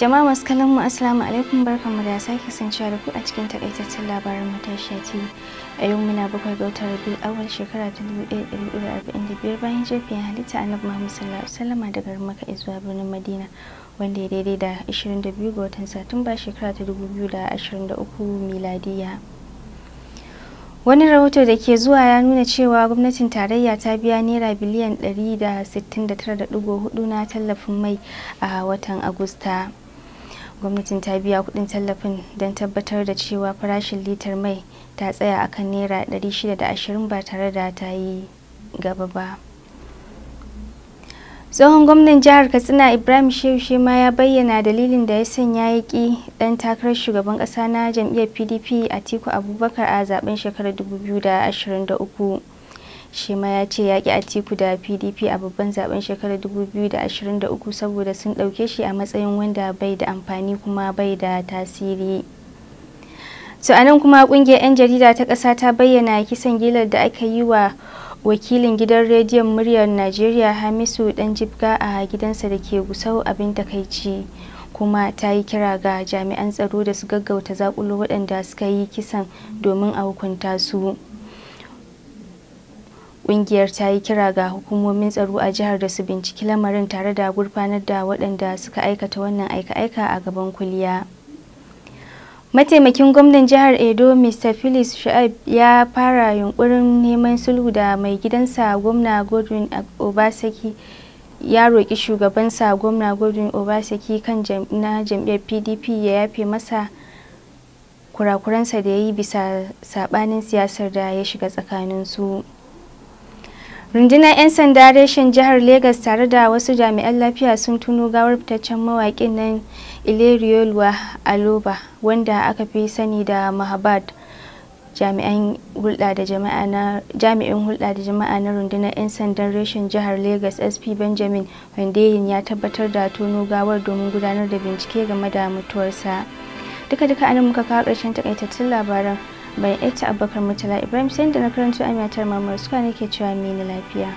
Jama'a masu kallon mu assalamu alaikum barkanmu da sake kasancewa da ku a cikin takaitaccen labarin matashiya TV. A yau muna bakwai ga watan Rabiul Awwal shekara ta biyar bayan jefiyar halitta Annabi Muhammad sallallahu alaihi wasallam daga maka zuwa birnin Madina wanda ya daidai da 22 ga watan Satumba shekara ta 2023 miladiya. Wani rahoto da ke zuwa ya nuna cewa gwamnatin tarayya ta biya naira biliyan 169.4 na tallafin mai a watan Agusta. gwamnatin ta biya kudin tallafin don tabbatar da cewa farashin litar mai ta tsaya akan naira 620 ba tare da ta yi gaba ba tsohon gwamnan jihar katsina ibrahim shehu ma ya bayyana dalilin da ya sanya ya ki dan takarar shugaban kasa na jam'iyyar pdp a atiku abubakar a zaben shekarar 2023 shi ma ya ce ya a atiku da pdp a babban zaben shekarar 2023 saboda sun ɗauke shi a matsayin wanda bai da amfani kuma bai da tasiri so anan kuma ƙungiyar 'yan jarida ta ƙasa ta bayyana kisan gilar da aka yi wa wakilin gidan rediyon muryar najeriya hamisu dan jibga a gidansa da ke gusau abin takaici kuma ta yi kira ga jami'an tsaro da su gaggauta zakulo waɗanda suka yi kisan domin a hukunta su. ƙungiyar ta yi kira ga hukumomin tsaro a jihar da su binciki lamarin tare da gurfanar da waɗanda suka aikata wannan aika-aika a gaban kuliya. Mataimakin gwamnan jihar Edo Mr. Phyllis Shu'aib ya fara yunkurin neman sulhu da mai gidansa gwamna Godwin Obaseki ya roƙi shugabansa gwamna Godwin obasaki kan na jam'iyyar PDP ya yafe masa kurakuransa da ya yi bisa saɓanin siyasar da ya shiga tsakaninsu. su. rundunar 'yan sanda reshen jihar lagos tare da wasu jami'an lafiya sun tuno gawar fitaccen mawaƙin nan ilerioluwa aloba wanda aka fi sani da mahabad jami'in hulɗa da jama'a na rundunar 'yan sandan reshen jihar lagos sp benjamin wendeyin ya tabbatar da tono gawar domin gudanar da bincike game da mutuwarsa duka-duka anan muka kawo ƙarshen takaitattun labaran bai ita abubakar mutala ibrahim sai da na karanto amiyatar mamar suka nake cewa mini lafiya